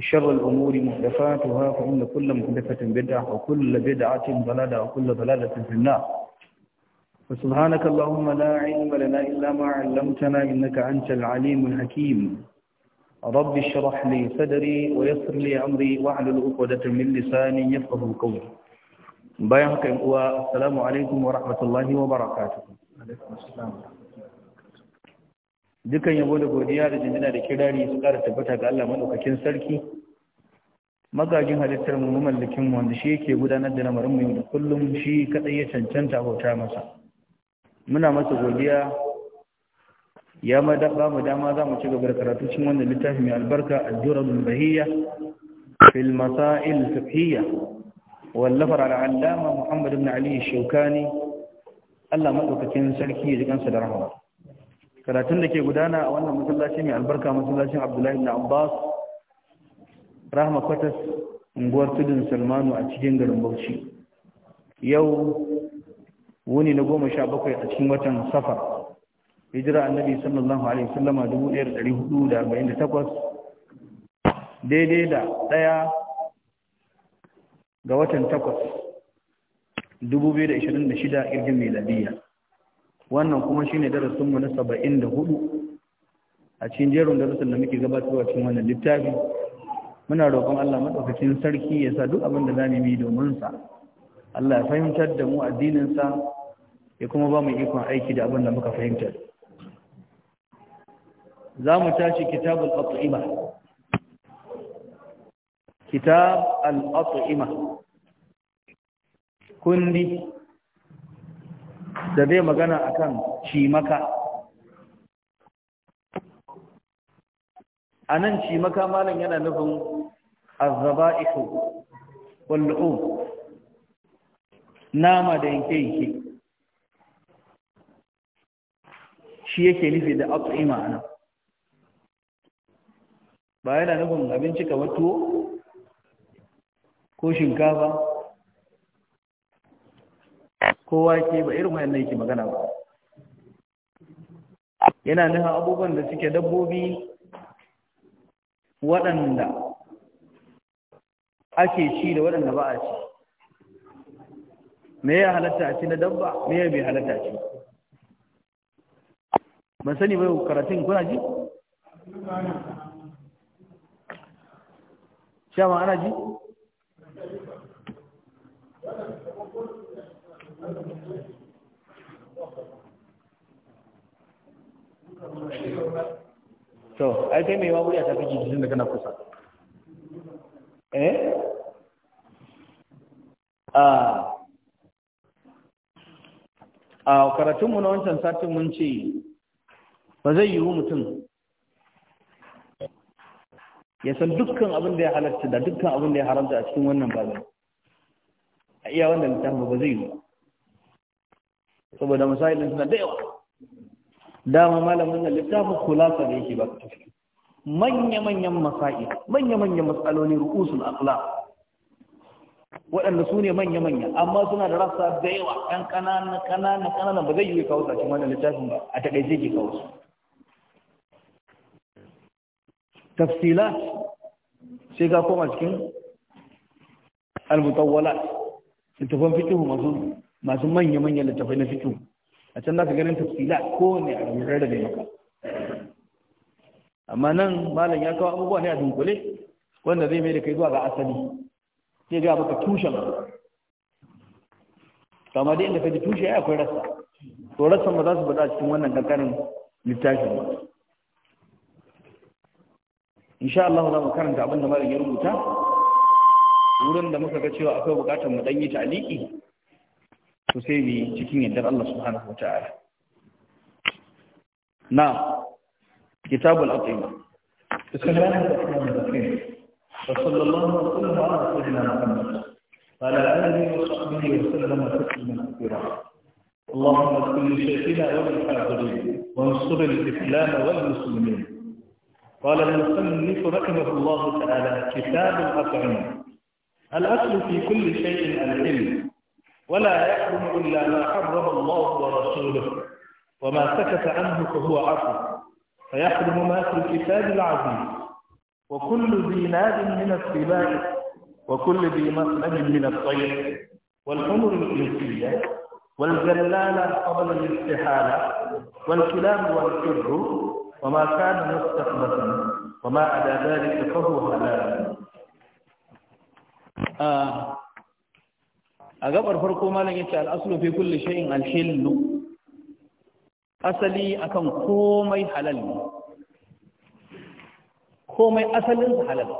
شر الأمور محدثاتها فإن كل محدثة بدعة وكل بدعة ضلالة وكل ضلالة في النار فسبحانك اللهم لا علم لنا إلا ما علمتنا إنك أنت العليم الحكيم رب اشرح لي صدري ويسر لي أمري واحلل عقدة من لساني يفقهوا قولي بيانك السلام عليكم ورحمة الله وبركاته عليكم السلام ورحمة الله dukan yabo da godiya da jinjina da kirari su ƙara tabbata ga Allah maɗaukakin sarki magajin halittar mu mallakin mu wanda shi yake gudanar da lamarin mu da kullum shi kadai ya cancanta bauta masa muna masa godiya ya ma ba mu dama za mu ci gaba da karatu cikin wannan littafi mai albarka ad al bahiyya fil masail fiqhiyya wallafar al-allama Muhammad ibn Ali Shawkani Allah maɗaukakin sarki ya ji kansa da rahama karatun da ke gudana a wannan masallaci mai albarka masallacin abdullahi na abbas rahama kwatas unguwar tudun salmanu a cikin garin bauchi yau wuni na goma sha bakwai a cikin watan safar hijira annabi sallallahu alaihi sallama dubu ɗaya da ɗari hudu da arba'in da takwas daidai da ɗaya ga watan takwas dubu biyu da ishirin da shida ƙirgin miladiyya wannan kuma shine darasinmu na saba'in da hudu a cikin jerin darasin da muke gabatarwa cikin wannan littafi muna roƙon Allah maɗaukacin sarki ya sa duk abin da zamu yi domin sa Allah ya fahimtar da mu addinin sa ya kuma ba mu ikon aiki da abin da muka fahimta zamu mu tashi kitabul at'ima kitab al-at'ima kundi da zai magana akan cimaka a nan cimaka malam yana nufin iso wal'u nama da yanke-yanke shi yake nufi da at'ima ana ba yana nufin abinci kamar tuwo ko shinkafa kowa ke ba irin wayannan yake magana ba yana nuna abubuwan da suke dabbobi waɗanda ake ci da waɗanda ba a ci me ya halatta a ci na dabba me ya bai halatta a ci ban sani bai karatun kuna ji? shama ana ji? to ai kai mai ma ta kake jin da kana kusa eh a ah. a ah, karatunmu na wancan satin mun ce ba zai yiwu mutum ya san dukkan abin da ya halatta da dukkan abin da ya haramta a cikin wannan a iya wannan littafin ba zai yiwu saboda masailin suna da yawa dama malamin nan littafin kulasa da yake ba ka tafi manya-manyan masail manya-manyan matsaloli ru'usul akhlaq waɗanda su ne manya-manya amma suna da rasa da yawa ɗan ƙanana ƙanana ƙanana ba zai yi kawo cikin wannan littafin ba a taƙaice ke kawo su tafsila sai ga koma cikin almutawwalat littafin fikihu masu masu manya-manyan littafai na fito a can za ka ganin tafsila ne a rubutar da maka amma nan malam ya kawo abubuwa ne a dunkule wanda zai mai da kai zuwa ga asali sai ga baka tushen kama dai inda ka ji tushe ya akwai rasa to rasa ba za su bada cikin wannan kankanin littafin ba insha Allah za mu karanta abin da malam ya rubuta wurin da muka ga cewa akwai bukatar mu dan yi taliki to sai bi cikin yardar Allah subhanahu wa ta'ala na kitabul aqima وصلى الله وسلم على سيدنا محمد وصحبه وسلم اللهم اغفر لشيخنا وللحاضرين وانصر الاسلام والمسلمين قال المصنف رحمه الله تعالى كتاب الاطعمه الاصل في كل شيء العلم ولا يحرم إلا ما حرم الله ورسوله وما سكت عنه فهو عفو فيحرم ما في الكتاب العظيم وكل ذي ناد من السباع وكل ذي مسلم من الطير والحمر الجنسية والجلالة قبل الاستحالة والكلام والحر وما كان مستقبلا وما عدا ذلك فهو حلال آه. a gabar farko malam yace al-aslu fi kulli shay'in al asali akan komai halal ne komai asalin sa halal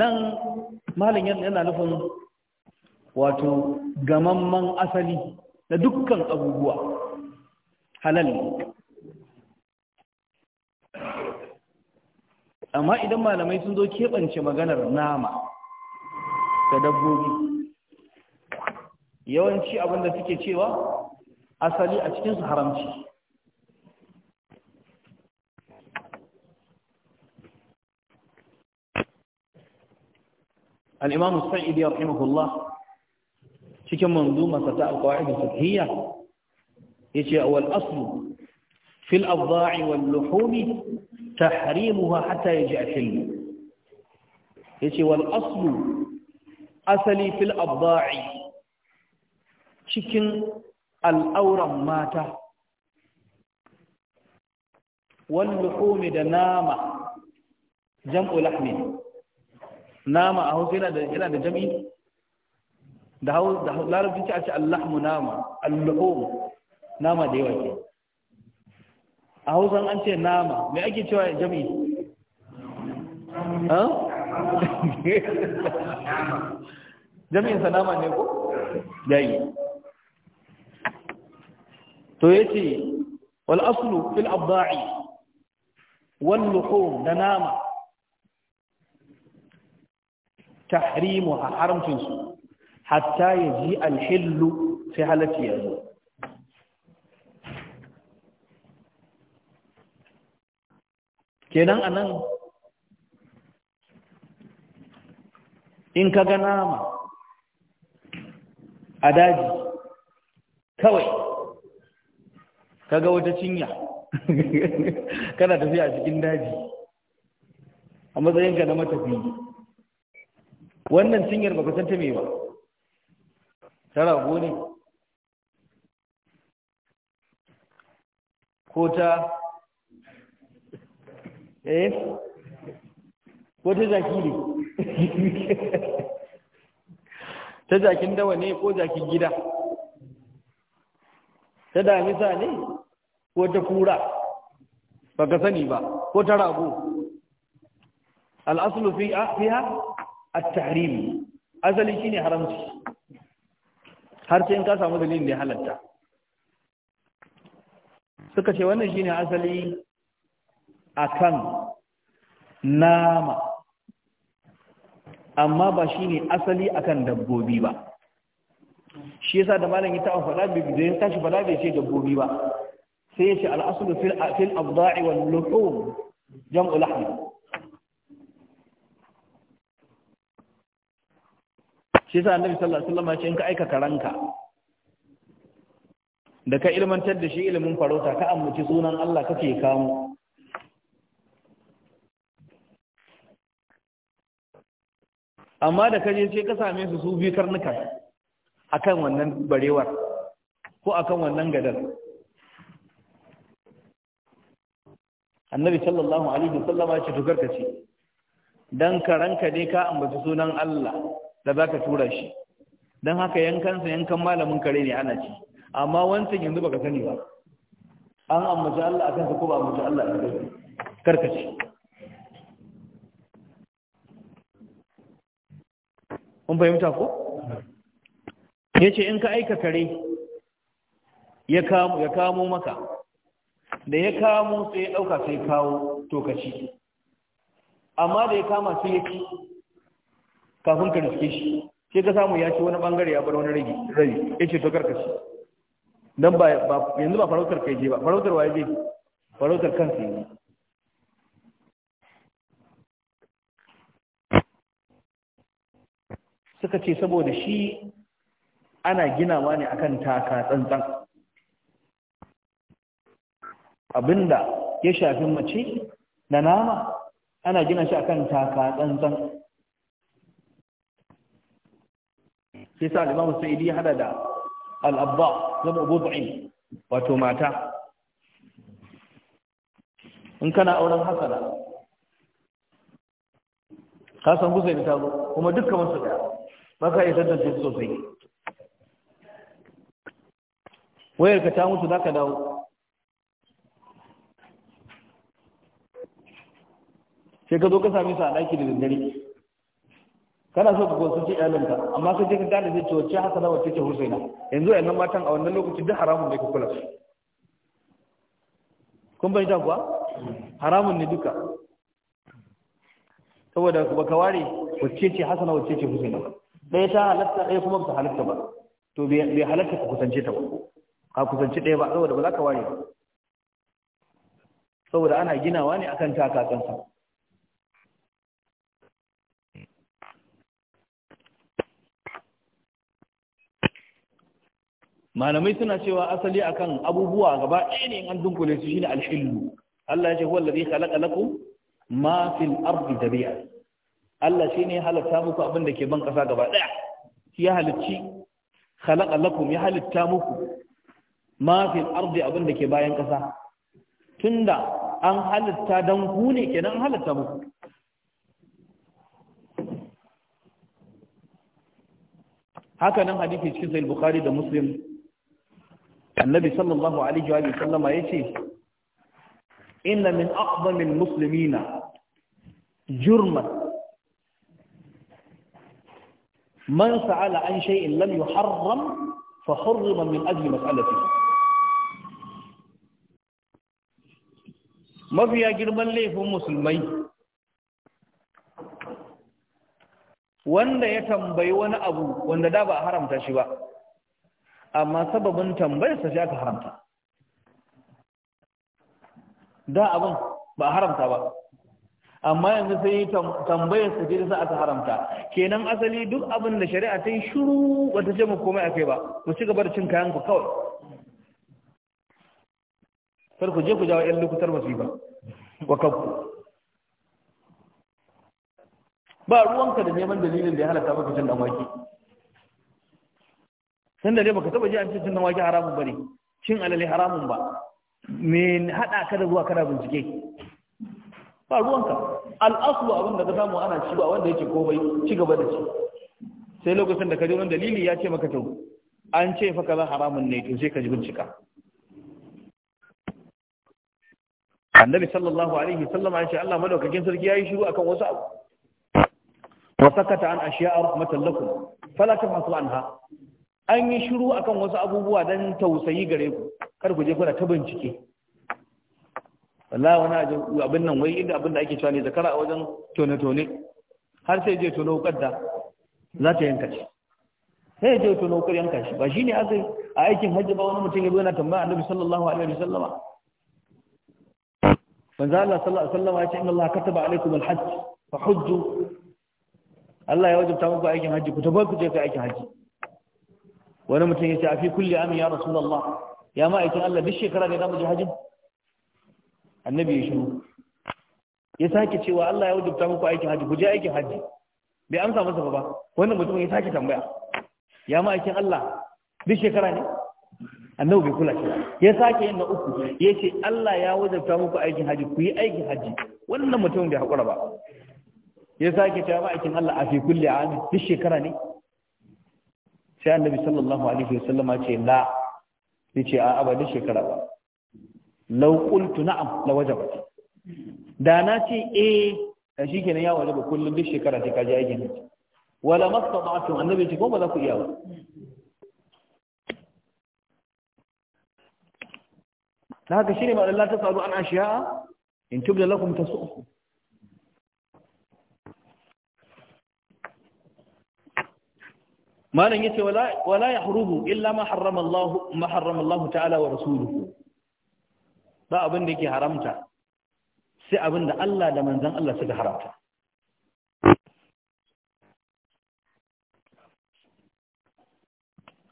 nan malam yana nufin wato gamamman asali na dukkan abubuwa halal ne amma idan malamai sun zo keɓance maganar nama da dabbobi yawanci abinda suke cewa asali a cikinsu haramci الإمام السعيدي رحمه الله cikin manzumarsa ta alƙawarin fiqhiyya yace wal aslu fil abda'i wal luhumi tahrimuha hatta yaji akil yace wal aslu asali fil abda'i cikin al'auran mata wal luhumi da nama jam'u lahmin nama a hausa yana da jam'i da larabci ce a ce nama da yawa a hausan an ce nama mai ake cewa jami'i jami'in sa nama ne ko yayi to yace wal aslu fil abda'i wal luhum da nama tahrimuha haramtun su hatta yaji al hillu sai halatti yazo kenan anan in ka gana nama a daji kawai ka ga wata cinya kana tafiya a cikin daji a matsayinka na matafi wannan cinyar ba san ta ba ta rago ne ko ta eh ko ta zaki ne ta zakin dawa ne ko zakin gida ta damisa ne ko ta kura ba ka sani ba ko ta rago al'asulu fiya a tarihi asali ne haramci har sai in ka samu dalilin da ya halatta suka ce wannan shi ne asali akan nama amma ba shi ne asali akan dabbobi ba shi yasa da malam ya ta'a faɗa bi da ya tashi faɗa bai ce dabbobi ba sai ya ce al'asulu fil fil abda'i wal luhum jam'u lahm shi yasa annabi sallallahu alaihi wasallam ya ce in ka aika karanka da ka ilmantar da shi ilimin farauta ka ammuci sunan Allah kake kamo amma da kaje sai ka same su su bi karnuka akan wannan barewar ko akan wannan gadar annabi sallallahu alaihi wasallama ya ce to karka ce dan karanka ne ka ambaci sunan Allah da zaka tura shi dan haka yankan sa yankan malamin kare ne ana ci amma wancan yanzu baka sani ba an ambaci Allah akan sa ko ba ambaci Allah akan sa karka ce kun fahimta ko ya ce in ka aika kare ya kamo maka da ya kamo sai ya ɗauka sai kawo to ka ci amma da ya kama sai ya ci kafin ka riske shi sai ka samu ya ci wani bangare ya bar wani rage rage ya ce to karkashi don ba yanzu ba farautar kai je ba farautar waye zai farautar kansa yanzu suka ce saboda shi ana ginawa ne akan taka tsantsan abinda ya shafi mace na nama ana gina shi akan taka tsantsan sai sa alimamu sai ya hada da al'abba zama abubuwan wato mata in kana auren hasana kasan gusa ta zo kuma dukkan wasu daya ba ka zanen da su sosai wayar ka ta mutu za ka dawo sai ka zo ka sami su a ɗaki da daddare kana so ka kwanci iyalinka amma ka je ka gane zai ce wacce haka na wacce ce husaina yanzu yannan matan a wannan lokacin duk haramun mai kukula kun bai kuwa haramun ne duka saboda ba ka ware wacce ce hasana wacce ce husaina ɗaya ta halatta ɗaya kuma ta halatta ba to bai halatta ka kusance ta ba ka kusance ɗaya ba saboda ba za ka ware ba saboda ana ginawa ne akan takakansa malamai suna cewa asali akan abubuwa gaba ɗaya ne an dunkule su shine alhillu Allah ya ce huwa alladhi khalaqa lakum ma fil ardi jami'a Allah shi ne ya halatta muku abin da ke ban ƙasa gaba ɗaya shi ya halicci khalaqa lakum ya halitta muku mafi arzi abin da ke bayan ƙasa tunda an halitta don ku ne kenan an halitta muku haka nan hadisi cikin sahih bukhari da muslim annabi sallallahu alaihi wa sallama sallam yace inna min aqdamil muslimina jurman man sa'ala an shay'in lam yuharram fa hurrima min ajli mas'alatihi mafiya girman laifin musulmai wanda ya tambayi wani abu wanda da ba a haramta shi ba amma sababin tambayarsa shi aka haramta da abin ba a haramta ba amma yanzu sai tambayar su jirisa aka haramta kenan asali duk abin da shari'a ta yi shuru ba ta ce komai a kai ba ku ci gaba da cin kayan ku kawai kar ku je ku jawo 'yan lokutar masifa wa kanku ba ruwanka da neman dalilin da ya halatta maka cin damaki sun da dai baka taba ji an cin damaki haramun ba ne, cin alale haramun ba me hada ka da zuwa kana bincike ba ruwanka al'aslu abin da ka samu ana ci ba wanda yake komai ci gaba da ci sai lokacin da ka ji dalili ya ce maka to an ce fa kaza haramun ne to sai ka ji bincika annabi sallallahu alaihi wasallam ya ce Allah madaukakin sarki yayi shiru akan wasu abu wa sakata an ashiya rahmatan lakum fala tamasu anha an yi shiru akan wasu abubuwa dan tausayi gare ku kar ku je kuna ta bincike wallahi wani ajin abin nan wai inda abin da ake cewa ne zakara a wajen tone-tone har sai je tono kadda za ta yanka shi sai je tono kar yanka shi ba shi ne azai a aikin hajji ba wani mutum ya zo yana tambaya annabi sallallahu alaihi wa sallama manzo Allah sallallahu alaihi wa sallama ya ce inna Allah kataba alaikum al-hajj fa hujju Allah ya wajabta muku aikin hajji ku tabbata ku je ka aikin hajji wani mutum ya ce a fi kulli amin ya rasulullah ya ma aikin Allah duk shekara ne za mu je hajji annabi ya shiru ya sake cewa Allah ya wajabta muku aikin haji ku je aikin haji bai amsa masa ba wannan mutum ya sake tambaya ya ma aikin Allah duk shekara ne annabi bai kula shi ya sake yin na uku ya ce Allah ya wajabta muku aikin haji ku yi aikin haji wannan mutum bai haƙura ba ya sake cewa ma aikin Allah a fi kulli ami duk shekara ne sai annabi sallallahu alaihi wasallama ce la ya ce ba abadin shekara ba law qultu na'am la wajabat da na ce eh da shikenan ya wajaba kullum duk shekara sai ka je aikin hajji wala mastata'tum annabi ce ko ba za ku iya ba da haka shi ne ba Allah ta faru an ashiya in tubda lakum tasu'ukum malam yace wala wala yahrubu illa ma harrama Allah ma harrama Allah ta'ala wa rasuluhu ba abin da yake haramta sai abin da Allah da manzan Allah suka haramta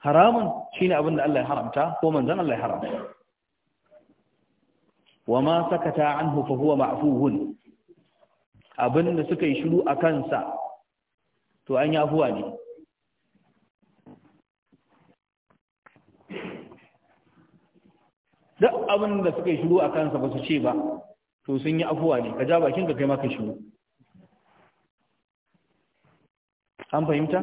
haramun shine abin da Allah ya haramta ko manzan Allah ya haramta wa ma sakata anhu fa huwa ma'fuhun abin da suka yi shiru a kansa to an yi afuwa ne abin da suka yi shiru a kansa ba su ce ba to sun yi afuwa ne ka ja bakin ka kai maka shiru an fahimta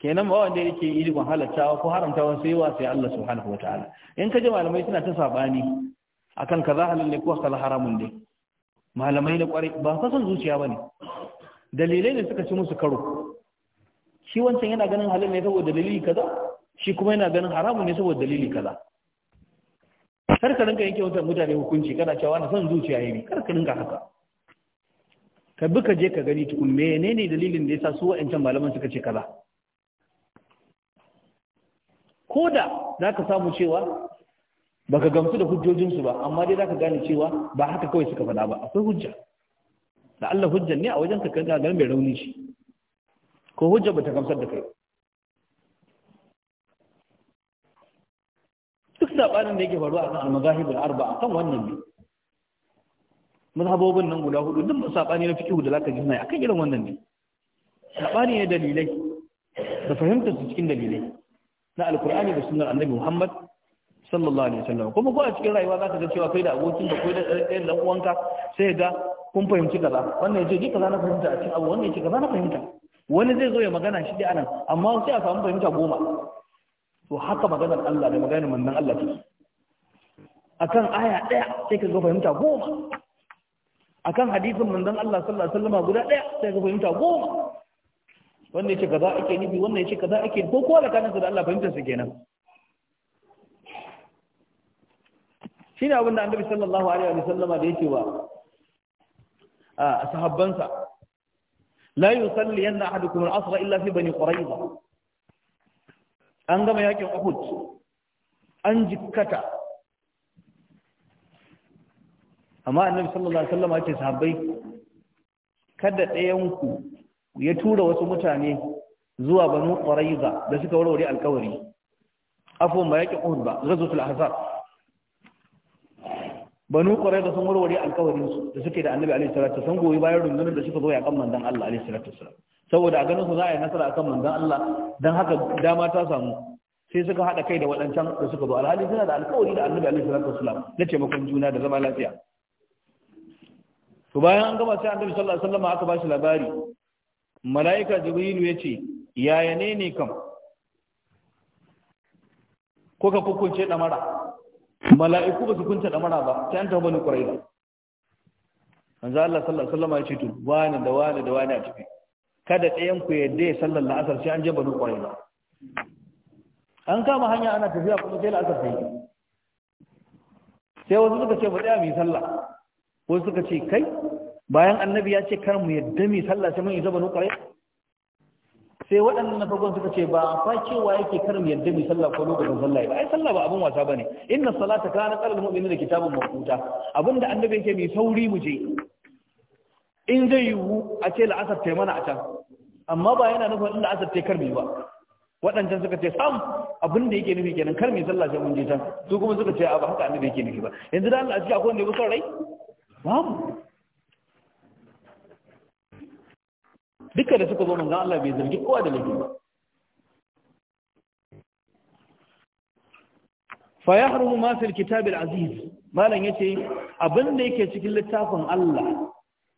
kenan ba wanda yake ilimin halattawa ko haramtawa sai wa sai Allah subhanahu wataala in ka ji malamai suna ta sabani akan kaza halal ne ko kaza haramun ne malamai na kwarai ba san zuciya bane dalilai ne suka ci musu karo shi wancan yana ganin halin ne saboda dalili kaza shi kuma yana ganin haramun ne saboda dalili kaza kar ka rinka yanke wata mutane hukunci kana cewa na son zuciya yayi kar ka rinka haka ka bi ka je ka gani tukun menene dalilin da yasa su wa'ancan malaman suka ce kaza ko da za ka samu cewa ba ka gamsu da hujjojinsu ba amma dai za ka gane cewa ba haka kawai suka faɗa ba akwai hujja da Allah hujjan ne a wajen ka garin mai rauni shi ko hujja ba ta gamsar da kai duk sabanin da yake faruwa akan al-mazahibul arba'a kan wannan ne mazhabobin nan guda hudu duk sabani na fiqh da zaka ji na akan irin wannan ne sabani ne dalilai da fahimtar su cikin dalilai na al al-qur'ani da sunnar annabi Muhammad sallallahu alaihi wasallam kuma ko a cikin rayuwa zaka ga cewa kai da abokin da kai da ɗayan dan uwanka sai ga kun fahimci kaza wannan yace ni kaza na fahimta a cikin abu wannan yace kaza na fahimta wani zai zo ya magana shi dai anan amma sai a samu fahimta goma to haka maganar Allah da maganar manzon Allah take akan aya daya sai ka ga fahimta goma akan hadisin manzon Allah sallallahu alaihi wasallam guda daya sai ka fahimta goma wanda yace kaza ake nufi wanda yace kaza ake ko ko alƙanin da Allah fahimta su kenan shine abin da Annabi sallallahu alaihi wasallama da yake wa a sahabbansa la yusalli yanna ahadukum al-asra illa fi bani quraiza an gama yakin uhud an jikkata amma annabi sallallahu alaihi wasallam yake sahabbai kada ɗayanku ya tura wasu mutane zuwa banu quraiza da suka warware alƙawari. afwan ba yakin uhud ba ghazwatul ahzab banu da sun warware alƙawarin su da suke da annabi alaihi salatu sun goyi bayan rundunar da suka zo kan manzon Allah alaihi salatu wasallam saboda a ganin su za a yi nasara akan manzon Allah dan haka dama ta samu sai suka hada kai da waɗancan da suka zo alhali suna da alkawari da annabi alaihi salatu wasallam na taimakon juna da zama lafiya to bayan an gama sai annabi sallallahu alaihi wasallam aka bashi labari mala'ika jibrilu yace yaya ne ne kam ko ka kukunce damara mala'iku ba su kunta da mara ba ta yanta bani ƙwarai da manzo Allah sallallahu alaihi wasallam ya ce to wani da wani da wani a ciki kada ɗayan ku yadda ya sallar la'asar sai an je bani ƙwarai ba an kama hanya ana tafiya kuma sai la'asar sai sai wasu suka ce ba tsaya mu yi sallah wasu suka ce kai bayan annabi ya ce kar mu yadda mu yi sallah sai mun isa bani ƙwarai sai waɗannan na farkon suka ce ba fa cewa yake karin yadda mai sallah ko lokacin sallah ba ai sallah ba abin wasa bane inna salata kana lil mu'minina kitabun mawquta abinda annabi yake mai sauri mu je in zai yiwu a ce la'asar ta mana a can amma ba yana nufin inda asar ta karmi ba waɗancan suka ce sam abinda yake nufi kenan karmi sallah sai mun je can su kuma suka ce a ba haka annabi yake nufi ba yanzu da Allah a ciki akwai wanda ya bi son rai babu duka da suka zo manzan Allah bai zargi kowa da laifi ba fa yahrumu ma fil kitab al aziz malan yace abin da yake cikin littafin Allah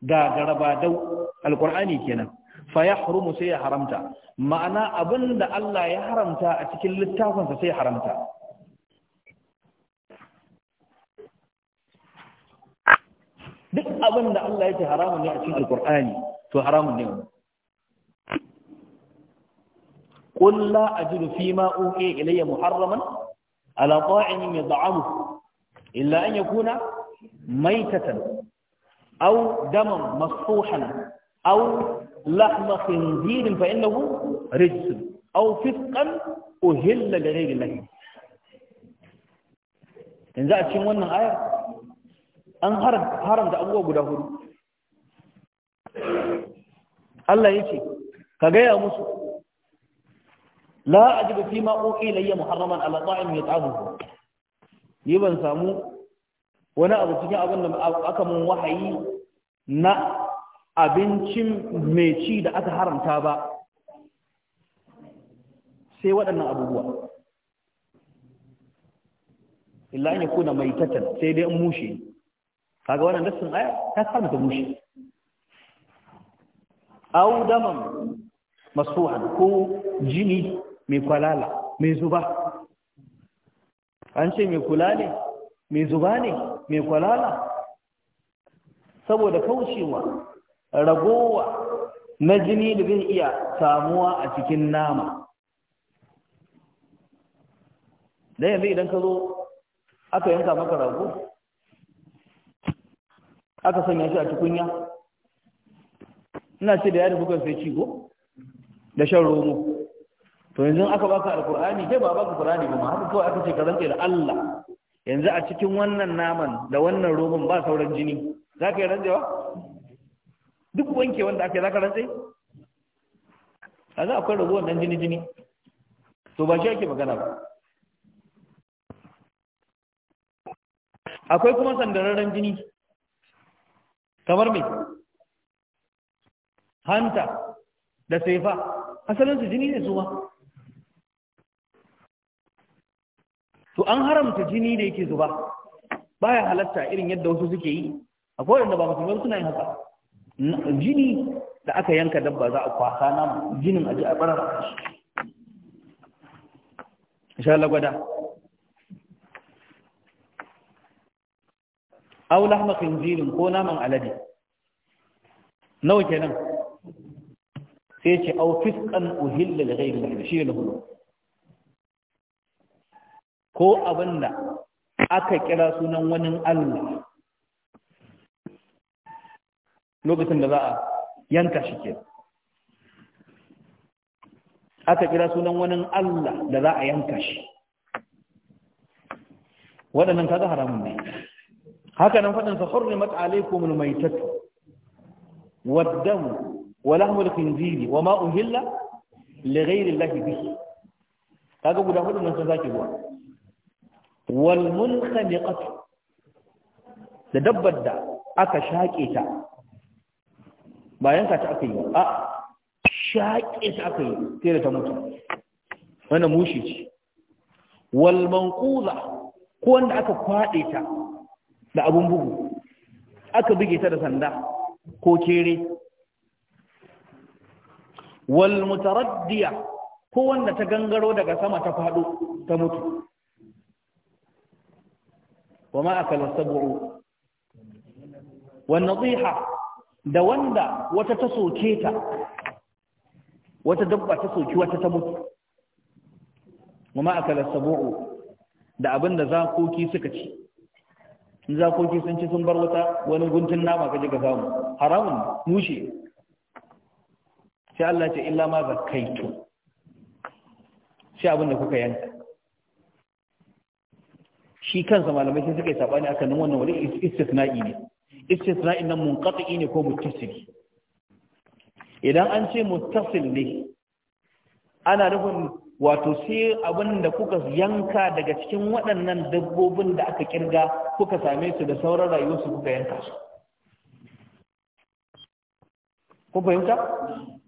ga garabadau alqur'ani kenan fa yahrumu sai ya haramta ma'ana abin da Allah ya haramta a cikin littafinsa sai ya haramta duk abin da Allah ce haramun ne a cikin alkur'ani to haramun ne قل لا أجد فيما أوحي إلي محرما على طاعم يطعمه إلا أن يكون ميتة أو دما مصفوحا أو لحم خنزير فإنه رجس أو فسقا أهل لغير الله إن ذا أتشم ونن آية أن هرم هرم ذا أبوه قده الله يتي كغير مسلم la ajibu fi ma uqi ilayya muharraman ala ta'im yat'abuhu ni ban samu wani abu cikin abin da aka mun wahayi na abincin mai ci da aka haramta ba sai waɗannan abubuwa illa an mai tattal sai dai an mushe kaga wannan nassin aya ta samu ta mushe aw daman masuhan ko jini mai kwalala mai zuba an ce mai kula ne mai zuba ne mai kwalala saboda kaucewa ragowa na jini da zai iya samuwa a cikin nama Da yanzu idan ka zo aka yanka maka rago aka sanya shi a tukunya ina ce da ya kuka sai go da shan romo to yanzu aka baka alkur'ani ke ba baka qur'ani ba haka kawai aka ce ka rantsa da Allah yanzu a cikin wannan naman da wannan roman ba sauran jini za ka yi rantsewa duk wanke wanda aka yi za ka rantse? a za akwai rabuwan dan jini jini to ba shi ake magana ba akwai kuma sandararren jini kamar mai hanta da saifa asalinsu jini ne su ma to an haramta jini da yake zuba baya halatta irin yadda wasu suke yi akwai da ba yau suna yin haka jini da aka yanka dabba za a kwasa na jinin aji a barar insha Allah gwada aw lahma khinzirin ko naman alade nawa kenan sai ce aw fisqan uhilla li da shi ne hulu ko abin da aka kira sunan wani Allah lokacin da za a yanka shi ke aka kira sunan wani Allah da za a yanka shi waɗannan kaga haramun ne haka nan faɗin sa hurrimat alaikum almaytat waddam wa lahmul khinzir wa ma'uhilla, uhilla li ghayri allahi kaga guda hudu nan sun zaki zuwa wal da dabbar da aka shaƙe ta bayan ka ta aka yi a shaƙe ta aka yi sai da ta mutu wannan mushi ce walmanquza ko wanda aka kwade ta da abun bugu aka buge ta da sanda ko kere Walmutaraddiya, ko wanda ta gangaro daga sama ta faɗo ta mutu وما أكل السبع والنضيحة da wanda wata ta soke ta wata dabba ta soki wata ta mutu kuma akala sabu'u da abinda zakoki suka ci zakoki sun ci sun bar wata wani guntun nama kaje ka samu haramun mushe sai Allah ce illa ma kai to, sai abinda kuka yanka shi kansa malamai sai suka yi sabani akan nan wannan wani istisna'i ne istisna'in nan munqati'i ne ko muttasil idan an ce muttasil ne ana nufin wato sai abin da kuka yanka daga cikin waɗannan dabbobin da aka kirga kuka same su da sauran rayuwarsu kuka yanka su kun fahimta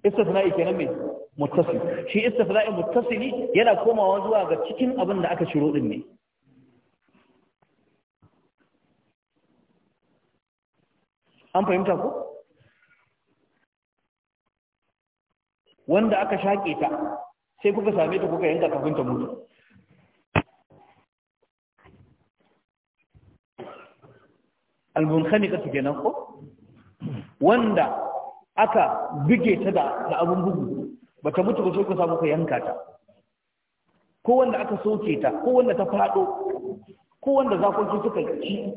istisna'i kenan me muttasil shi istisna'i muttasili yana komawa zuwa ga cikin abin da aka shiro din ne an fahimta ko wanda aka shaƙe ta sai kuka same ta kuka yanka kafin ta mutu ka munkhaniqa nan ko wanda aka buge ta da da abun bugu ta mutu ba sai kuka samu ka yanka ta ko wanda aka soke ta ko wanda ta fado ko wanda zakoki suka ci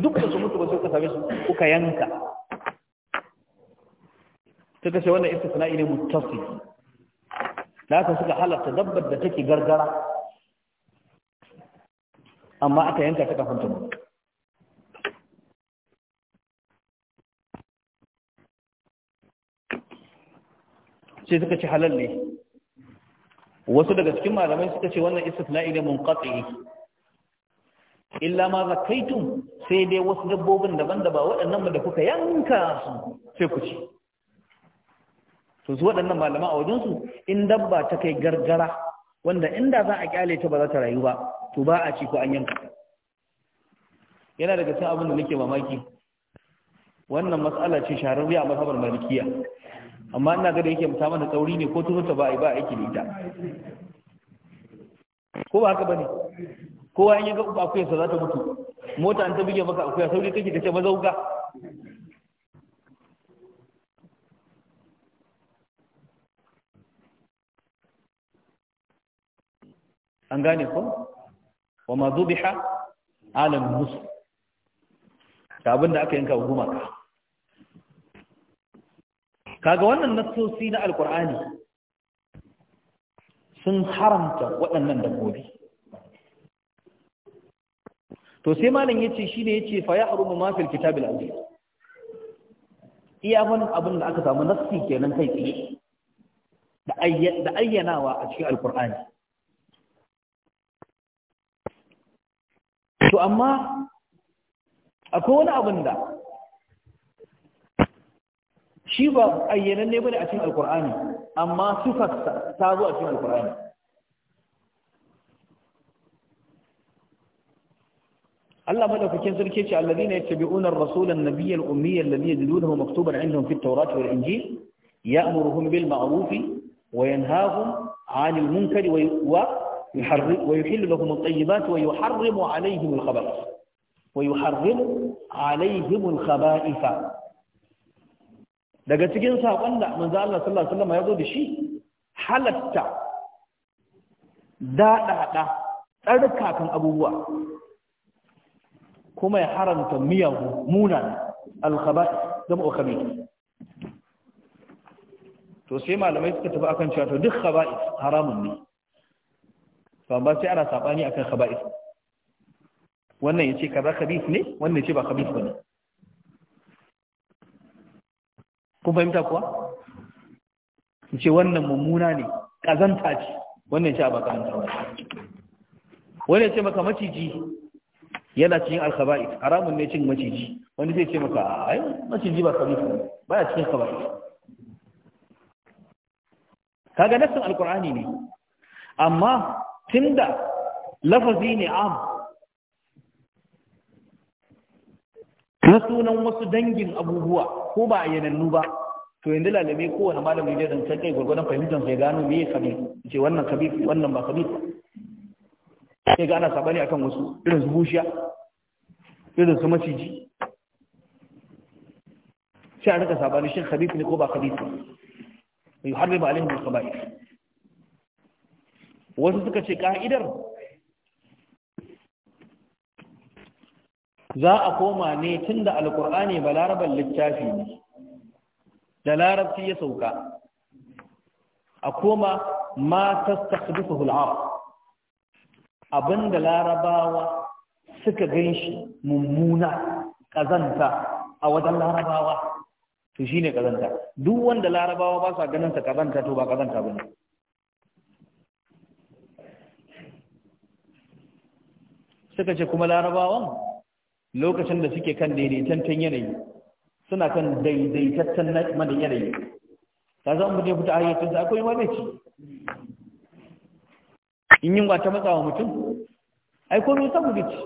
duk da su mutu ba sai ka same su kuka yanka sai ta ce wannan sana'i ne muttasil da aka suka halatta dabbar da take gargara amma aka yanka ta kafin ta sai suka ce halal ne wasu daga cikin malamai suka ce wannan istisna'i ne munqati illa ma zakaitum sai dai wasu dabbobin daban da ba waɗannan da kuka yanka su sai ku ci to su waɗannan malama a wajensu in dabba ta kai gargara wanda inda za a kyale ta ba za ta rayu ba to ba a ci ko an yanka yana daga cikin abin da nake mamaki wannan mas'alar ce shahararriya a mazhabar malikiya amma ina ga da yake mutum da tsauri ne ko tunanta ba a yi ba aiki da ita ko ba haka bane kowa in ya ga akuyar sa za ta mutu mota an ta buge maka akuya sauri kake kace mazauka an gane ko wa ma zubiha ala musu ta abin da aka yanka gumaka kaga wannan nasosi na alkur'ani sun haramta waɗannan dabbobi to sai malam yace shine yace fa yahrumu ma fil al aziz iya wannan abin da aka samu nassi kenan kai tsiye da ayyanawa a cikin alkur'ani to amma akwai wani abin da shi ba ayyanan ne bane a cikin alkur'ani amma sifarsa ta zo a cikin alkur'ani Allah madaukakin sarki ce alladhina yattabi'una ar-rasula an-nabiyya al-ummiyya alladhi yajidunahu maktuban 'indahum fi at-taurati wal-injil ya'muruhum bil ma'ruf wa yanhahum 'anil munkari wa ويحل لهم الطيبات ويحرم عليهم الخبائث ويحرم عليهم الخبائث daga cikin sakon da manzo Allah sallallahu alaihi wasallam ya zo da shi halatta da da da tsarkakan abubuwa kuma ya haramta miyagu muna alkhaba'i zama wa khabith to sai malamai suka tafi akan cewa to duk khaba'i haramun ne to amma sai ana sabani akan khaba'i wannan yace kaza khabis ne wannan yace ba khabis bane kun fahimta kuwa yace wannan mummuna ne kazanta ce wannan yace ba kazanta ba wannan yace maka maciji yana cikin alkhaba'id haramun ne cin maciji wani zai ce maka ai maciji ba khabith ba baya cikin khaba'id kaga nassin alqur'ani ne amma tunda lafazi ne am na sunan wasu dangin abubuwa ko ba a yanannu ba to yanzu lalame kowane malamin ne dan kai gurgurdan fahimtar sai gano me kabi ce wannan kabi wannan ba kabi sai ga ana sabani akan wasu irin su bushiya irin su maciji sai a rika sabani shi khabith ne ko ba khabith ne ba alaihim da khabaith wasu suka ce ka'idar za a koma ne tun da Alƙur'ani ba larabar littafi ne da larabci ya sauka a koma ma ta stakdufu hul'ar Abin da larabawa suka gan shi mummuna ƙazanta a wajen larabawa to shi ne ƙazanta duk wanda larabawa ba sa ganinsa ƙazanta to ba ƙazanta ba ne suka ce kuma larabawan lokacin da suke kan daidaitattun yanayi suna kan daidaitattun yanayi ta za mu je fita hayyacinsa akwai wani ce in yi ta matsa wa mutum ai ko nusa gudu ce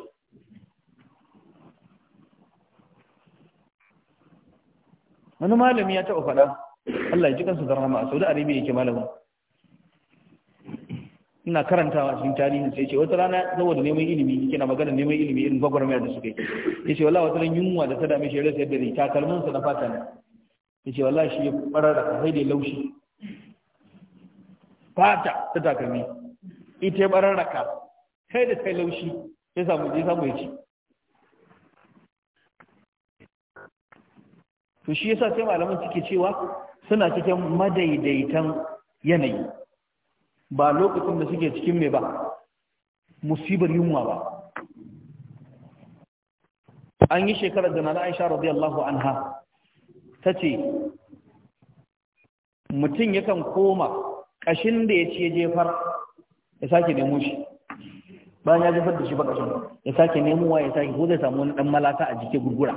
wani malami ya taɓa faɗa Allah ya ji kansu zarama a saudi arabia yake malamin ina karantawa cikin tarihin sai ce wata rana saboda neman ilimi yake na magana neman ilimi irin gwagwarmaya da suka yi ya ce wallahi wata ran yunwa da ta dame shi rasa yadda zai takalminsa na fata ne ya ce wallahi shi ya fara da kai da laushi fata ta takalmi ita raka, kai da kai laushi ya samu je samu ya ci to shi yasa sai malaman suke cewa suna cikin madaidaitan yanayi ba lokacin da suke cikin mai ba musibar yunwa ba an yi shekarar da na aisha radiyallahu anha ta ce mutum yakan koma ƙashin da ya ce jefar ya sake nemo shi bayan ya jefar da shi bakashin ya sake nemowa ya sake ko zai samu wani dan malaka a jike gurgura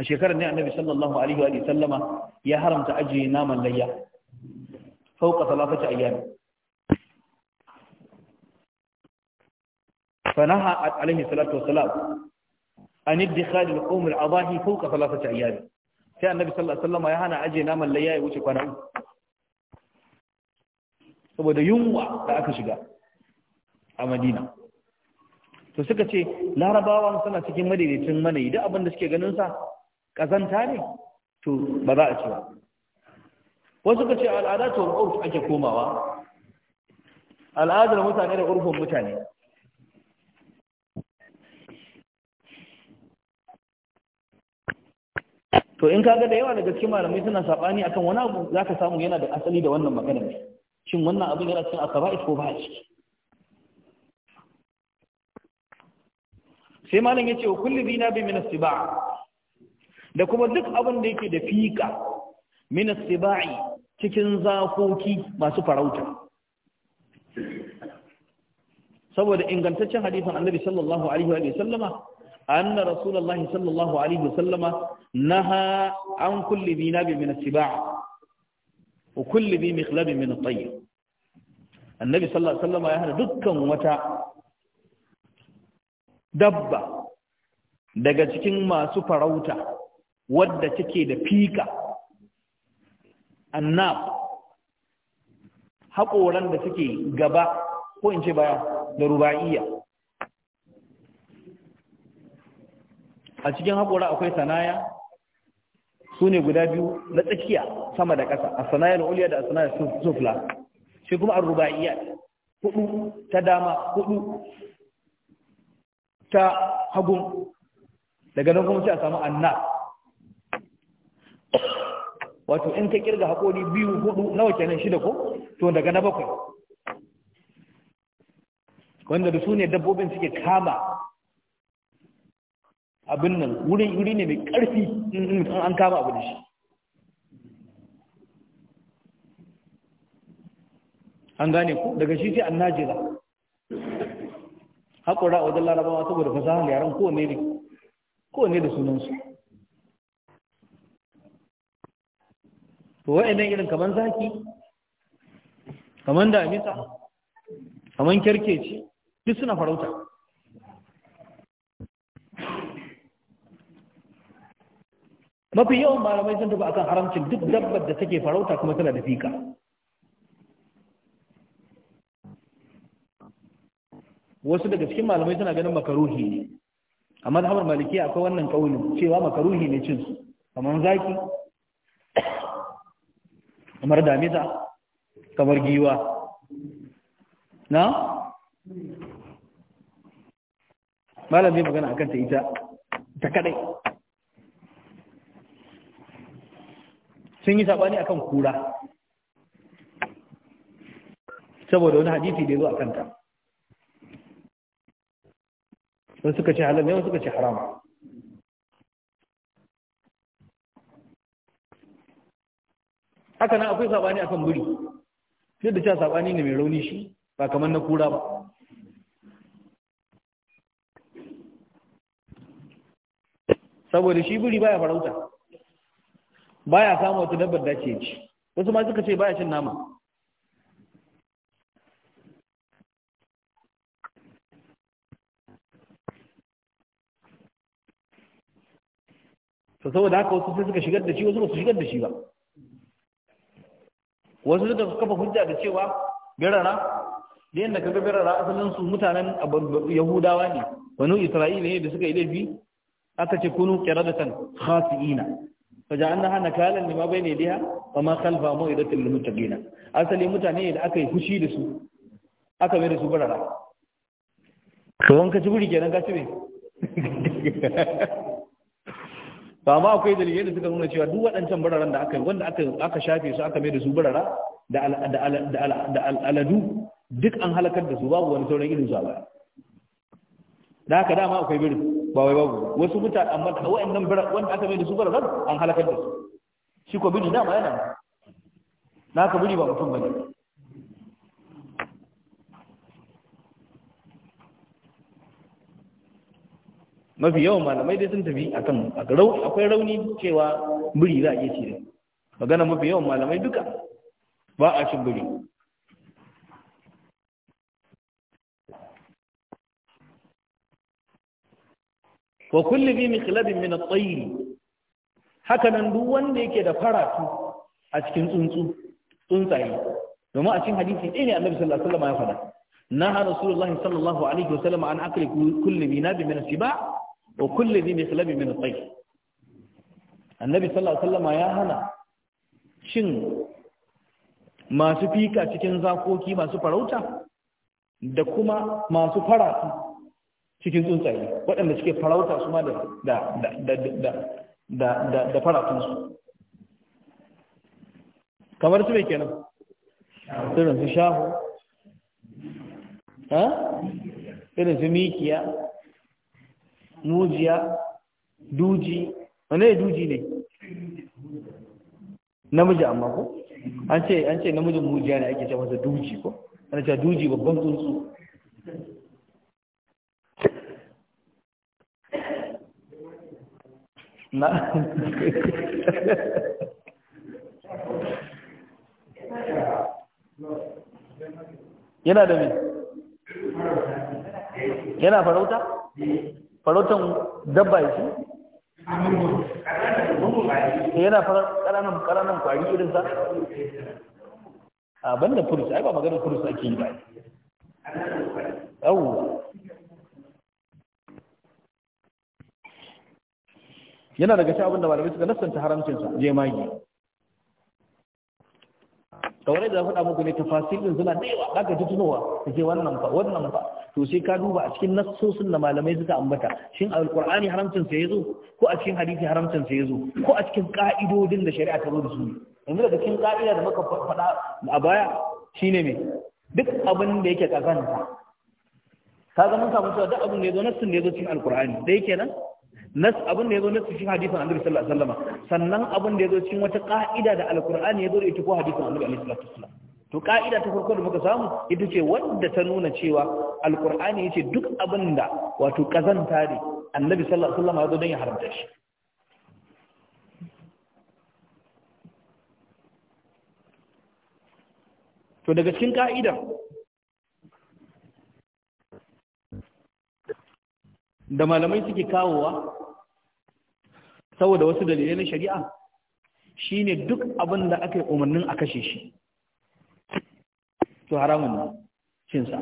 a shekarar ne annabi sallallahu alaihi wa sallama ya haramta ajiye naman layya fauka salafati ayyami فنهى عليه الصلاة والسلام عن ادخال القوم العضاهي فوق ثلاثة أيام كان النبي صلى الله عليه وسلم يهانا أجي نام اللياء وشكونا saboda yunwa da aka shiga a madina to suka ce larabawan suna cikin madaidaicin manayi duk abin da suke ganin sa kazanta ne to ba za a ci ba wasu suka ce al'ada to urf ake komawa al'adar mutane da urfin mutane to in kaga da yawa daga cikin malamai suna sabani akan wani abu zaka samu yana da asali da wannan magana ne shin wannan abin yana cikin akaba'is ko ba a ciki sai malam ya ce wa kulli zina bi min as da kuma duk abin da yake da fika min as-siba'i cikin zakoki masu farauta saboda ingantaccen hadisin Annabi sallallahu alaihi wa sallama anna rasulullahi sallallahu alaihi wa sallama naha an kulli zina bi min as-siba' wa kulli bi mikhlab min at annabi sallallahu alaihi wasallam ya hana dukkan wata dabba daga cikin masu farauta wadda take da fika annab haƙoran da suke gaba ko in ce baya da ruba'iyya a cikin haƙora akwai sanaya sune guda biyu na tsakiya sama da ƙasa a sanayar uliya da a sanayar sufla sai kuma arruba'iyya hudu ta dama hudu ta hagun daga nan kuma sai a samu anna wato in ka kirga hakori biyu hudu nawa kenan shida ko to daga na bakwai wanda da su ne dabbobin suke kama abin nan wuri ne mai ƙarfi in an kama abu da shi an gane ku daga shi sai annajira haƙura a wajen larabawa saboda fasahar yaren kowane ne kowane da sunansu to nan irin kamar zaki kamar damisa kamar kyarkeci duk suna farauta mafi yawan malamai sun tafi akan haramcin duk dabbar da take farauta kuma tana da fika wasu daga cikin malamai suna ganin makaruhi ne a madhabar maliki akwai wannan kaulin cewa makaruhi ne cin su kamar zaki kamar damisa kamar giwa na malam zai magana akan ta ita ta kadai sun yi sabani akan kura saboda wani hadisi da ya zo a kanta wasu suka ce halal ne wasu suka ce haram haka nan akwai sabani akan buri duk da cewa sabani ne mai rauni shi ba kamar na kura ba saboda shi buri baya farauta baya samu wata dabbar dace ci wasu ma suka ce baya cin nama to saboda haka wasu sai suka shigar da shi wasu ba su shigar da shi ba wasu suka kafa hujja da cewa birara da yadda kaga birara asalin su mutanen yahudawa ne wani isra'ila ne da suka yi laifi aka ce kunu qiradatan khasiina faja'annaha nakalan lima bayna yadiha wa ma khalfa mu'idatil muttaqina asali mutane da aka yi fushi da su aka mai da su birara to wanka ci buri kenan ka ci me ba ma akwai dalilai da suka nuna cewa duk waɗancan bararan da aka yi wanda aka shafe su aka mai da su barara da aladu duk an halakar da su babu wani sauran irin su a baya da haka dama akwai birin ba wai babu wasu mutane amma da waɗannan biraran wanda aka mai da su bararen an halakar da su shi ko birnin dama yana na aka biri ba mutum ne mafi yawan malamai dai sun tafi akan akwai rauni cewa biri za a iya ci magana mafi yawan malamai duka ba a cin buri wa kulli bi mikhladin min at-tayr haka nan duk wanda yake da faratu a cikin tsuntsu tsuntsaye domin a cikin hadisi ɗaya ne annabi sallallahu alaihi wasallam ya faɗa Na ha rasulullahi sallallahu alaihi wasallam an akli kulli bi nabi min as sibaa wa kulli zai mihlabi min at-tayr annabi sallallahu alaihi wasallam ya hana shin masu fika cikin zakoki masu farauta da kuma masu fara cikin tsuntsaye waɗanda suke farauta su ma da da da da da faratunsu kamar su mai kenan irin su shahu irin su mikiya mujiya duji wane duji ne namiji amma ko an ce an ce namijin mujiya ne ake cewa duji ko ana cewa duji babban tsuntsu na yana da mai yana farauta farautan dabba yake eh, yana fara ƙananan ƙananan kwari irin sa abin da furus ai ba maganar furus ake yi ba yau yana daga shi abin da malamai suka lasanta haramcinsa jemage kawai da faɗa muku ne tafasirin suna da yawa zaka ji da ke wannan fa wannan fa to sai ka duba a cikin nassosin da malamai suka ambata shin alkur'ani haramcin sa yazo ko a cikin hadisi haramcin sa yazo ko a cikin ka'idodin da shari'a ta zo da su yanzu daga cikin ka'ida da muka faɗa a baya shine me duk abin da yake kazanta kaga mun samu cewa duk abin da yazo nassin da yazo cikin alkur'ani dai kenan nas abin da ya zo na cikin hadisin annabi sallallahu alaihi wasallam sannan abin da ya zo cikin wata ka'ida da alqur'ani ya zo da ita ko hadisin annabi sallallahu alaihi wasallam to ka'ida ta farko da muka samu ita ce wanda ta nuna cewa alqur'ani yace duk abin da wato kazanta ne annabi sallallahu alaihi wasallam ya zo don ya haramta shi to daga cikin ka'idan da malamai suke kawowa saboda wasu dalilai na shari'a ne duk abin da aka yi umarnin a kashe shi to haramun cinsa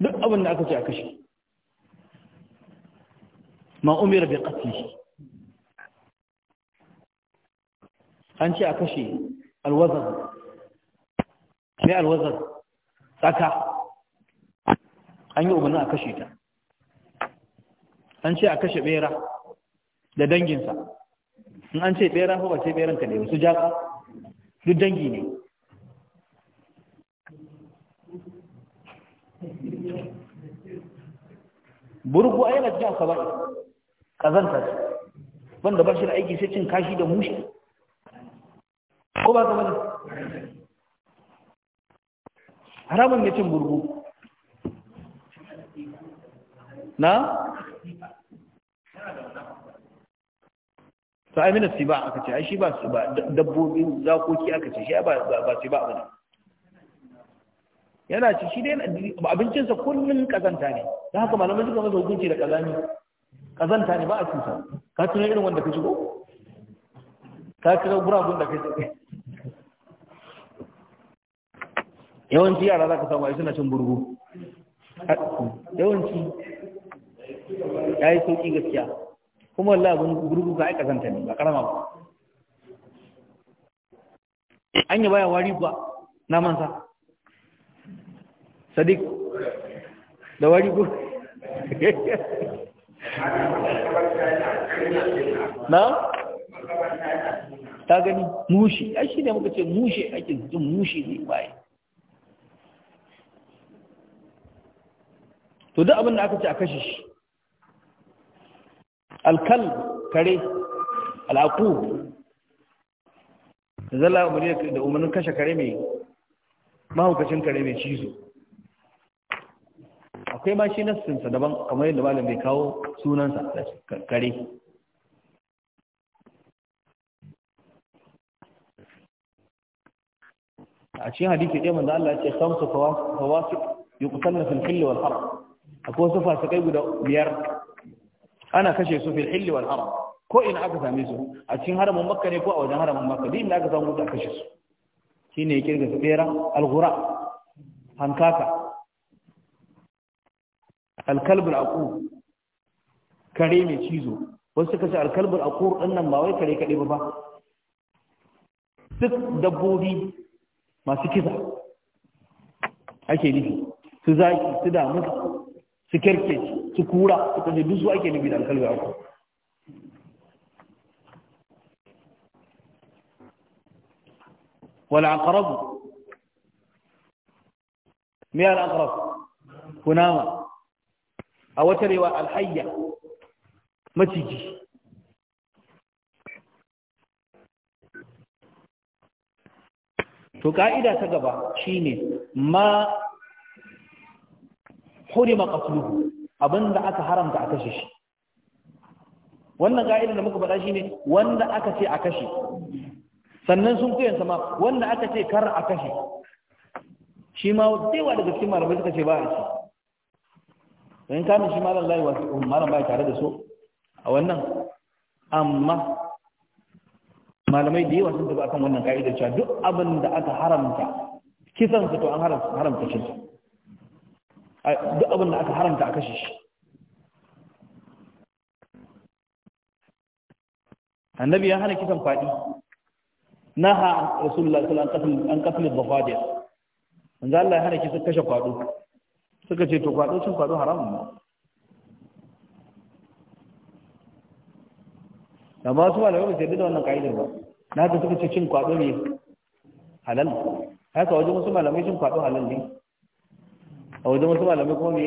duk abin da aka ce a kashe ma umira bi shi, an ce a kashe alwazar sai alwazar tsaka an yi umarnin a kashe ta an ce a kashe bera da danginsa in an ce bera ko ba ce beran ka ne su jaka duk dangi ne burgu ayyana ji cikin kaba'i kazanta ce wanda ba shi da aiki sai cin kashi da mushi ko ba ka bane haramun ne cin burgu na to ai mina siba aka ce ai shi ba siba dabbobin zakoki aka ce shi ba ba siba yana ci shi dai abincinsa kullum kazanta ne da haka malamai suka masa hukunci da kazani kazanta ne ba a cuta ka tuna irin wanda ka shigo ka tuna gurabun da ka shigo yawanci yara za ka samu ai suna cin burgu yawanci ya yi sauƙi gaskiya kuma wallahi abin gurgu ka aika zanta ne ba karama ba an yi baya wari ba na mansa sadiq da wari ko na ta gani mushi ai shi ne muka ce mushi ake jin mushi ne baya to duk abin da aka ce a kashe shi alkal kare al'aqu zalla umuri da umarnin kashe kare mai mahaukacin kare mai cizo akwai ma shi nassinsa daban kamar yadda malam bai kawo sunansa da kare a cikin hadisi ɗaya manzo Allah ya ce samsu fawasik yuqtalna fil hilli wal haram akwai wasu fasikai guda biyar ana kashe su fil hilli wal haram ko ina aka same su a cikin haramun makka ne ko a wajen haramun makka din da aka samu da kashe su shine ya ga su bera al-ghura hankaka al-kalb al-aqur kare mai cizo wasu kace ce al-kalb al-aqur din nan ba wai kare kade ba fa duk dabbobi masu kisa ake nufi su zaki su damu su kerkeci su kura suka ce duk su ake nufi da alkalbi a kuma wala aqrabu me al kunama a wata rewa al maciji to ka'ida ta gaba shine ma hurima qatluhu Abinda aka haramta a kashe shi wannan ka'idar da muka faɗa shi ne wanda aka ce a kashe sannan sun kuyansa ma wanda aka ce kar a kashe shi ma daiwa daga cikin malamai suka ce ba a ce in kamun shi malam layi wasu malam baya tare da so a wannan amma malamai da yawa sun tafi akan wannan ka'idar cewa duk abin da aka haramta Kisan su to an haramta shi duk abin da aka haramta a kashe shi annabi ya hana kisan faɗi naha rasulullah sallallahu alaihi wasallam an qatl al-dhafadir manzo Allah ya hana kisan kashe kwado suka ce to kwado cin kwado haramun ne da ba su malamai ba su yadda da wannan ka'idar ba na haka suka ce cin kwado ne halal haka wajen wasu malamai cin kwado halal ne a wajen wasu malamai kuma me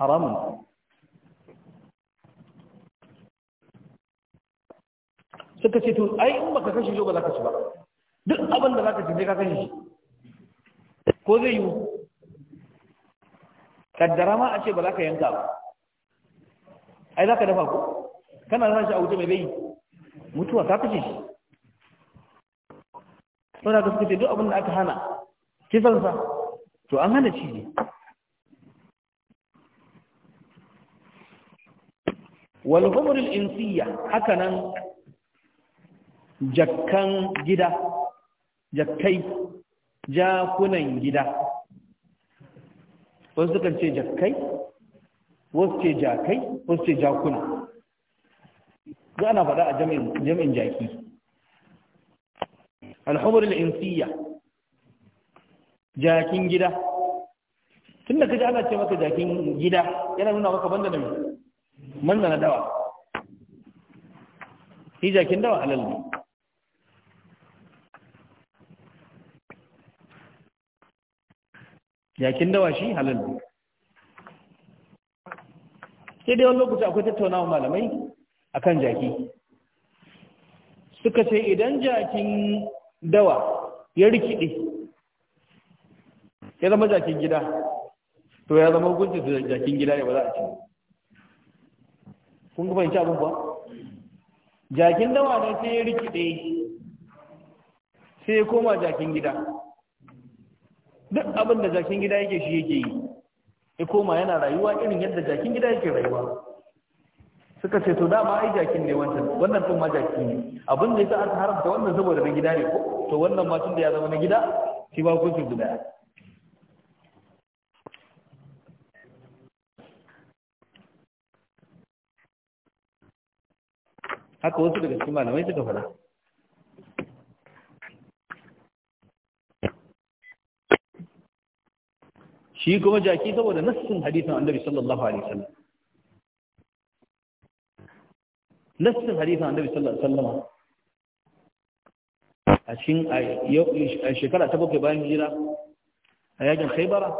haramun suka ce to ai in baka kashe shi ba za ka ci ba duk abin da za ka ci sai ka kashe shi ko zai yiwu kaddara ma a ce ba za ka yanka ba ai za ka dafa ko kana ran shi a wuce mai bai mutuwa ka kashe shi saboda ka suka ce duk abin da aka hana kisansa to an hana ci ne walhumurin insiya hakanan jakkan gida jakkai jakunan gida wasu kan ce jakkai wasu ce jakai wasu ce jakuna za ana faɗa a jami'in jaki alhumurin insiya jakin gida tun da kaji ana ce maka jakin gida yana nuna maka banda da manza na dawa shi jakin dawa halal ne jakin dawa shi halal ne sai dai wani lokaci akwai tattaunawa malamai akan jaki suka ce idan jakin dawa ya rikide ya zama jakin gida to ya zama hukunci da jakin gida ne ba za a ci kun ga abin ba jakin dawa ne sai ya rikide sai ya koma jakin gida duk abin da jakin gida yake shi yake yi ya koma yana rayuwa irin yadda jakin gida yake rayuwa suka ce to dama ai jakin ne wancan wannan tun ma jaki ne abin da sa aka haramta wannan saboda na gida ne ko to wannan ma tun da ya zama na gida shi ba hukuncin guda haka wasu daga cikin malamai suka fara shi kuma jaki saboda nassin hadisin annabi sallallahu alaihi wasallam nassin hadisin annabi sallallahu alaihi wasallam a cikin a shekara ta bakwai bayan hijira a yakin khaybara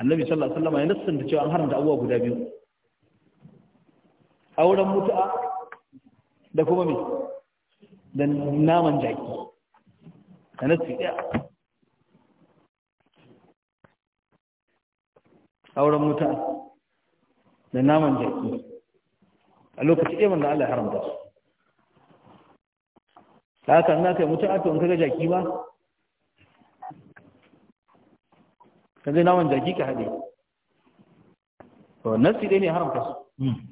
annabi sallallahu alaihi wasallam ya nassin da cewa an haramta abubuwa guda biyu auren mutu'a da kuma me da naman jaki a nasu ɗaya auren mutane da naman jaki a lokaci ɗaya wanda Allah ya haramta su ta haka na kai mutu aka ga jaki ba ka zai naman jaki ka haɗe to nasi ɗaya ne haramta su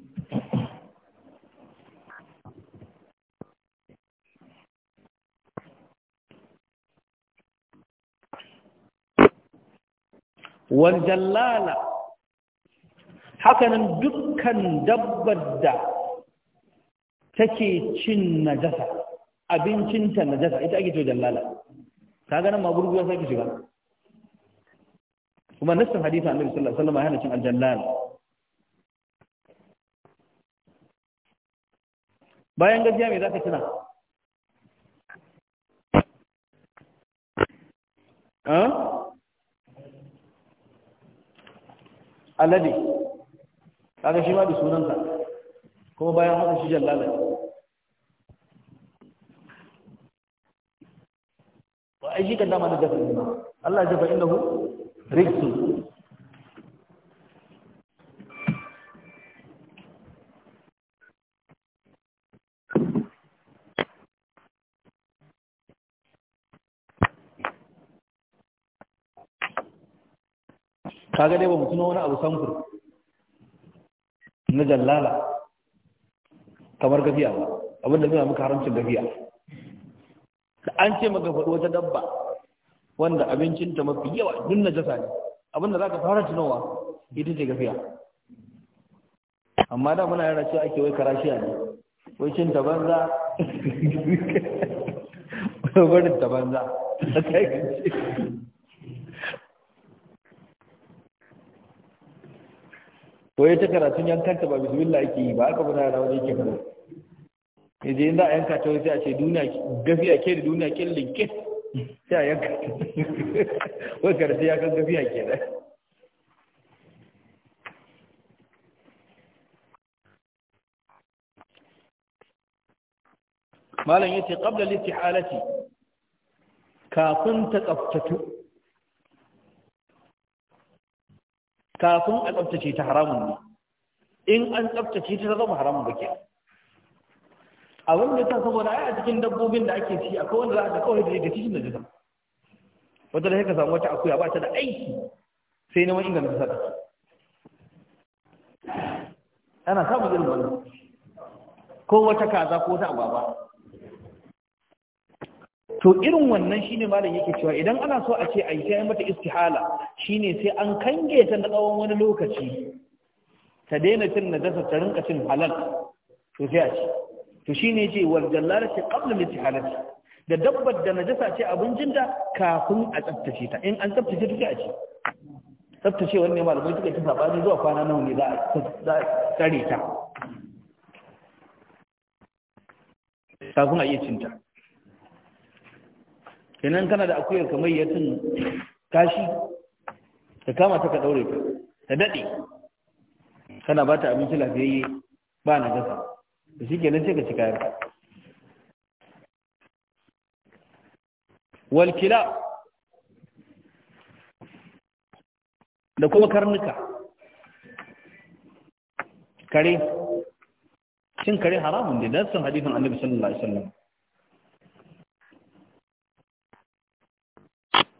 wal jallala hakanan dukkan dabbar da take cin najasa abincinta najasa ita ake ce jallala Ta ganin ma ya sai ki shiga kuma nassin hadisi annabi sallallahu alaihi wasallam ya hana cin aljallala bayan gajiya mai za ka tuna alade kaga shi ma da sunansa kuma bayan haka shi jallala wa ai shi kan dama da dafa Allah ya fa innahu rijsun kaga dai ba mu tuna wani abu samfur na jallala kamar gafiya ba abinda zai muka haramcin gafiya da an ce maka faɗi wata dabba wanda abincinta mafi yawa dun na jasa ne abinda za ka fara tunawa ita ce gafiya amma da muna yara cewa ake wai karashiya ne wai cin ta banza barin ta banza to ya ta karatun yankanta ba bismillah ake yi ba aka buna na wani yake fara ne je inda a yanka ta wuce a ce duniya gafiya ke da duniya ke linke sai a yanka wai karatun ya kan gafiya ke da malam yace qabla al-istihalati kafin ta tsaftatu kafin a tsabtace ta haramun ne in an tsabtace ta zama haramun ba ke a wanda ta saboda ai a cikin dabbobin da ake ci akwai wanda za a kawai da daga cikin najisa wata da ka samu wata akuya ba ta da aiki sai neman inganta sa ana samun irin wannan ko wata kaza ko wata ababa. to irin wannan shine malam yake cewa idan ana so a ce a yi kayan mata istihala shine sai an kange ta na tsawon wani lokaci ta daina cin najasa ta rinka cin halal to sai a ce to shine yace wal jallalati qabla al-istihalati da dabbar da najasa ce da kafin a tsaftace ta in an tsaftace ta sai a ce tsaftace wannan malamai suka ci sabani zuwa kwana nawa ne za a tsare ta Ta kuma iya cinta kenan kana da akuyar kamar yatin kashi ka kama ta ka daure ta ta dade kana ba ta abinci lafiyayye ba na gasa da shi kenan sai ka ci kayan walkila da kuma karnuka kare cin kare haramun da dassin hadisin annabi sallallahu alaihi wasallam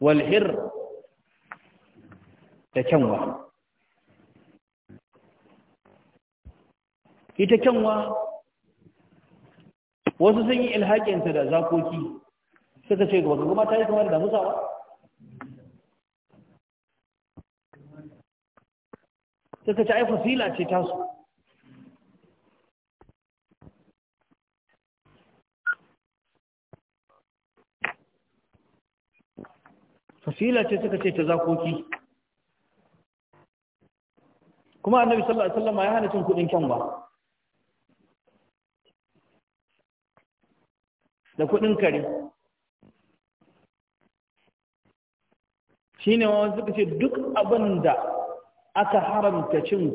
walhir da kyanwa ita kyanwa wasu sun yi ilhaƙinta da zakoki suka ce gaba kuma ta yi kamar da musawa suka ce ai fasila ce tasu fasila ce suka ce ta zakoki kuma annabi sallallahu alaihi wasallam ya hana cin kudin kyanwa da kudin kare shine wa suka ce duk abin da aka haramta cin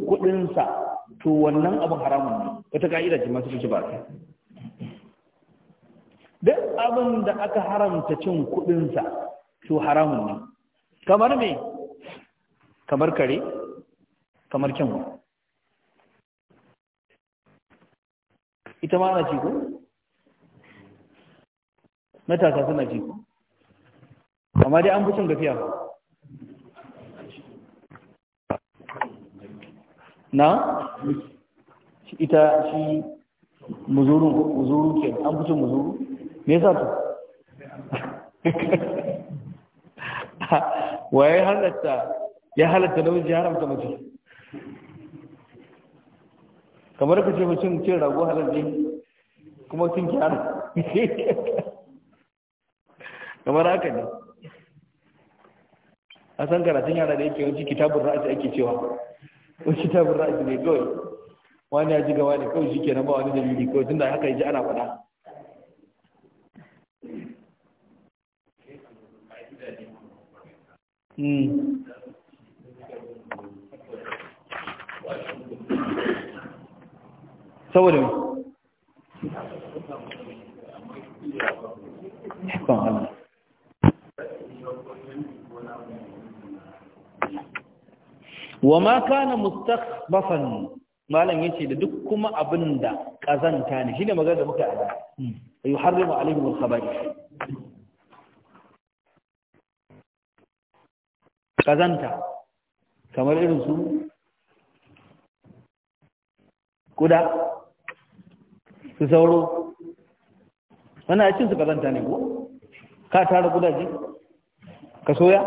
sa to wannan abin haramun ne wata ka'ida ce masu ci ba ta duk abin da aka haramta cin sa su haramun ne kamar me kamar kare kamar kyanwa ita ma na ci ko matasa suna ci ko amma dai an fi cin gafiya na ita shi muzuru muzuru ke an fi cin muzuru me yasa to waye halatta ya halatta namiji ya haramta mace kamar ka ce mutum cin rago halarci kuma cin kyara kamar haka ne a san karatun yara da yake yawanci kitabun ra'aji ake cewa wani kitabun ra'aji ne kawai wani ya ji gawa ne kawai shi ke nan ba wani dalili kawai tun da haka yi ji ana faɗa Hmm. saboda mai ikon Allah wa ma kana mustakhbafan malam yace da duk kuma abinda kazanta ne shine magana da muka yi hmm. yuharrimu alaihi al-khaba'ith kazanta kamar irin su kuda su sauro wani a cin su kazanta ne ko ka tara kudaje ka soya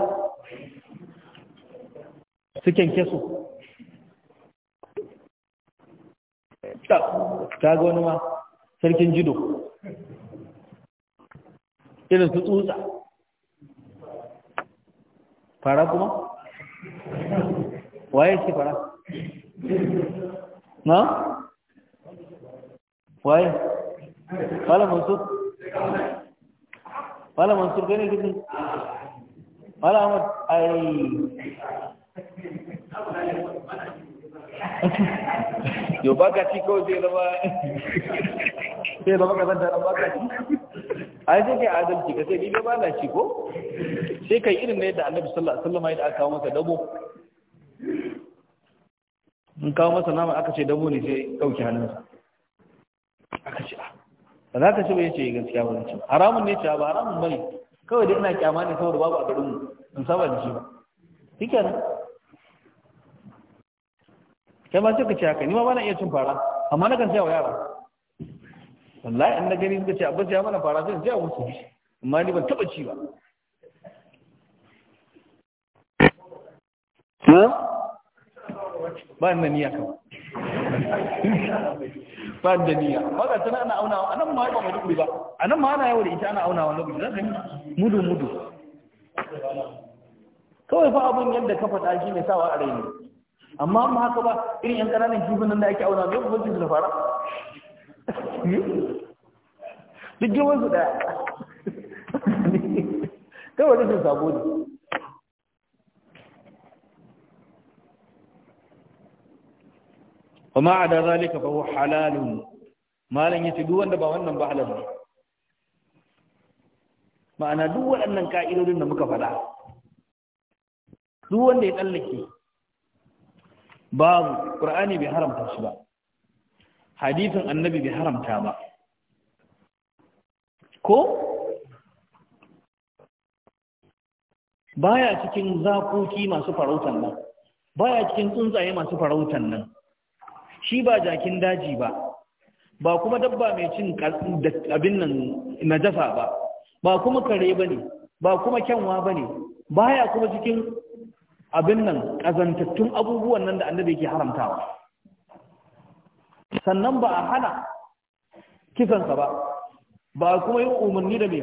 su kyanke su ta ga wani ma sarkin jido irin su tsutsa fara kuma waye ce fara na waye fala mansur fala mansur kai ne kike fala ahmad ai yau baka ci kawai zai zama zai zama kazanta baka ci ai sai kai adalci ka sai ni dai ba na ci ko sai kai irin ne da annabi sallallahu alaihi wasallam ya aka kawo masa dabo in kawo masa nama aka ce dabo ne sai dauki hannunsa aka ce ah, ba za ka ci ba yace eh, gaskiya ba ce haramun ne ci ba haramun bane kawai dai ina kyama ne saboda babu a garin mu in saba da shi ba shikenan kai ma sai ka ce haka ni ma ba na iya cin fara amma na kan sai wa yara wallahi in na gani suka ce abbas ya mana fara sai ya wuce amma ni ban taba ci ba ba na niyya ka ba da niyya ba ga tana ana auna a nan ma ba mu ba a nan ma ana yawo da ita ana aunawa na gudu gani mudu mudu kawai fa abun yadda ka faɗa shi ne sawa a rai ne amma amma haka ba irin yan ƙananan kifin nan da ake auna ne ba mutum da fara duk girman su daya kawai rashin sabo ne wa ma'ada zalika fa huwa halalun malan yace duk wanda ba wannan ba halal ma'ana duk waɗannan ka'idodin da muka faɗa duk wanda ya tsallake babu qur'ani bai haramta shi ba hadisin annabi bai haramta ba ko baya cikin zakoki masu farautan nan baya cikin tsuntsaye masu farautan nan shi ba jakin daji ba ba kuma dabba mai cin abin nan na dafa ba ba kuma kare ba ne ba kuma kyanwa ba ne baya kuma cikin abin nan ƙazantattun abubuwan nan da annabi yake haramtawa sannan ba a hana kisansa ba ba kuma yin umarni da mai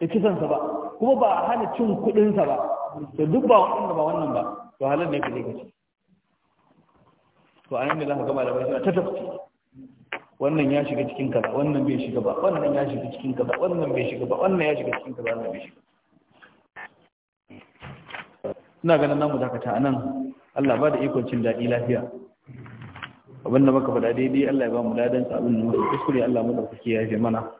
da kisansa ba kuma ba a hana cin kuɗinsa ba da duk ba wanda ba wannan ba to halar ne kaje kace to anan ne za ka gama da bai ta tafi. wannan ya shiga cikin kaza wannan bai shiga ba wannan ya shiga cikin kaza wannan bai shiga ba wannan ya shiga cikin kaza wannan bai shiga ina ganin namu dakata anan Allah ba da ikon cin daɗi lafiya abinda muka faɗa daidai Allah ya ba mu ladan sabon abin da kuskure Allah mu da ya je mana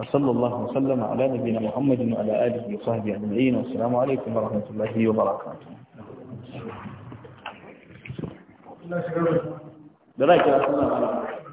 وصلى الله وسلم على نبينا محمد وعلى آله وصحبه أجمعين والسلام عليكم ورحمة الله وبركاته da za ki rasu na